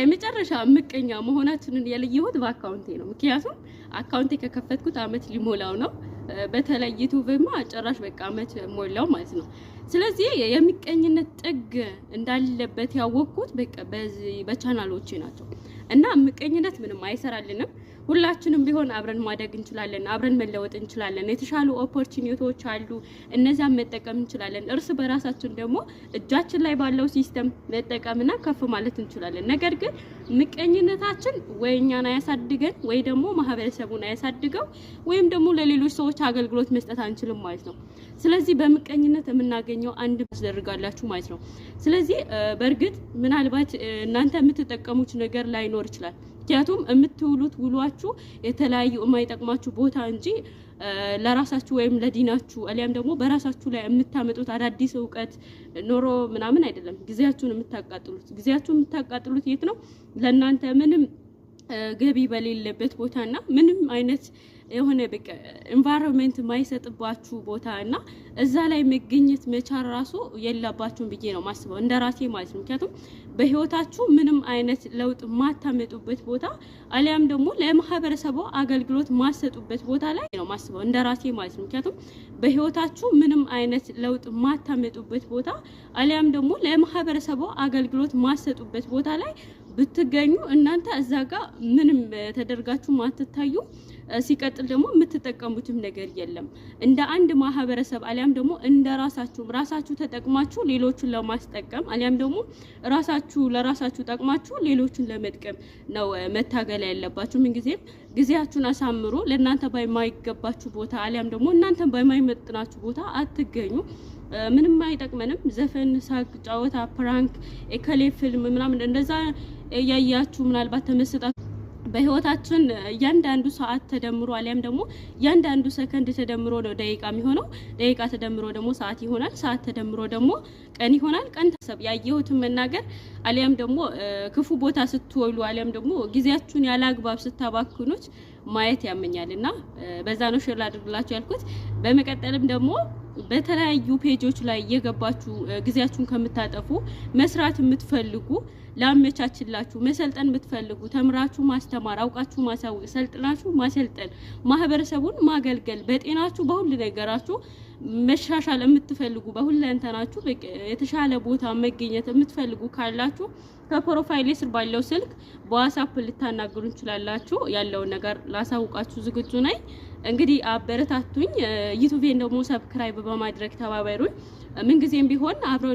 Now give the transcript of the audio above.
የመጨረሻ ምቀኛ መሆናችንን የለየሁት በአካውንቴ ነው። ምክንያቱም አካውንቴ ከከፈትኩት አመት ሊሞላው ነው። በተለይ ዩቱብማ ጭራሽ በቃ አመት ሞላው ማለት ነው። ስለዚህ የምቀኝነት ጥግ እንዳለበት ያወቅኩት በቃ በቻናሎቼ ናቸው እና ምቀኝነት ምንም አይሰራልንም። ሁላችንም ቢሆን አብረን ማደግ እንችላለን፣ አብረን መለወጥ እንችላለን። የተሻሉ ኦፖርቹኒቲዎች አሉ፣ እነዚያን መጠቀም እንችላለን። እርስ በራሳችን ደግሞ እጃችን ላይ ባለው ሲስተም መጠቀምና ከፍ ማለት እንችላለን። ነገር ግን ምቀኝነታችን ወይ እኛን አያሳድገን ወይ ደግሞ ማህበረሰቡን አያሳድገው ወይም ደግሞ ለሌሎች ሰዎች አገልግሎት መስጠት አንችልም ማለት ነው። ስለዚህ በምቀኝነት የምናገኘው አንድ ያስደርጋላችሁ ማለት ነው። ስለዚህ በእርግጥ ምናልባት እናንተ የምትጠቀሙት ነገር ላይኖር ይችላል። ምክንያቱም የምትውሉት ውሏችሁ የተለያዩ የማይጠቅማችሁ ቦታ እንጂ ለራሳችሁ ወይም ለዲናችሁ አሊያም ደግሞ በራሳችሁ ላይ የምታመጡት አዳዲስ እውቀት ኖሮ ምናምን አይደለም። ጊዜያችሁን የምታቃጥሉት ጊዜያችሁን የምታቃጥሉት የት ነው? ለእናንተ ምንም ገቢ በሌለበት ቦታና ምንም አይነት የሆነ በቃ ኤንቫይሮንመንት ማይሰጥባችሁ ቦታ እና እዛ ላይ መገኘት መቻል ራሱ የላባችሁን ብዬ ነው ማስበው፣ እንደ ራሴ ማለት ነው። ምክንያቱም በህይወታችሁ ምንም አይነት ለውጥ ማታመጡበት ቦታ አሊያም ደግሞ ለማህበረሰቡ አገልግሎት ማሰጡበት ቦታ ላይ ነው ማስበው፣ እንደ ራሴ ማለት ነው። ምክንያቱም በህይወታችሁ ምንም አይነት ለውጥ ማታመጡበት ቦታ አሊያም ደግሞ ለማህበረሰቡ አገልግሎት ማሰጡበት ቦታ ላይ ብትገኙ እናንተ እዛ ጋር ምንም ተደርጋችሁ ማትታዩ ሲቀጥል ደግሞ የምትጠቀሙትም ነገር የለም። እንደ አንድ ማህበረሰብ አሊያም ደግሞ እንደ ራሳችሁ ራሳችሁ ተጠቅማችሁ ሌሎችን ለማስጠቀም አሊያም ደግሞ ራሳችሁ ለራሳችሁ ጠቅማችሁ ሌሎችን ለመጥቀም ነው መታገል ያለባችሁ። ምንጊዜም ጊዜያችሁን አሳምሮ ለእናንተ በማይገባችሁ ቦታ አሊያም ደግሞ እናንተን በማይመጥናችሁ ቦታ አትገኙ። ምንም አይጠቅመንም። ዘፈን፣ ሳቅ፣ ጨዋታ፣ ፕራንክ፣ ከሌ ፊልም ምናምን እንደዛ እያያችሁ ምናልባት ተመስጣ በህይወታችን እያንዳንዱ ሰዓት ተደምሮ አሊያም ደግሞ እያንዳንዱ ሰከንድ ተደምሮ ነው ደቂቃ የሚሆነው። ደቂቃ ተደምሮ ደግሞ ሰዓት ይሆናል። ሰዓት ተደምሮ ደግሞ ቀን ይሆናል። ቀን ተሰብ ያየሁትን መናገር አሊያም ደግሞ ክፉ ቦታ ስትወሉ አሊያም ደግሞ ጊዜያችሁን ያለ አግባብ ስታባክኑት ማየት ያመኛል እና በዛ ነው ሽር ላድርግላችሁ ያልኩት። በመቀጠልም ደግሞ በተለያዩ ፔጆች ላይ እየገባችሁ ጊዜያችሁን ከምታጠፉ መስራት የምትፈልጉ ላመቻችላችሁ መሰልጠን የምትፈልጉ ተምራችሁ ማስተማር አውቃችሁ ማሳወቅ ሰልጥናችሁ ማሰልጠን ማህበረሰቡን ማገልገል በጤናችሁ በሁሉ ነገራችሁ መሻሻል የምትፈልጉ በሁለንተናችሁ የተሻለ ቦታ መገኘት የምትፈልጉ ካላችሁ ከፕሮፋይል ስር ባለው ስልክ በዋትስአፕ ልታናግሩ እንችላላችሁ። ያለውን ነገር ላሳውቃችሁ ዝግጁ ነኝ። እንግዲህ አበረታቱኝ። ዩቱቤን ደግሞ ሰብክራይብ በማድረግ ተባበሩኝ። ምንጊዜም ቢሆን አብረው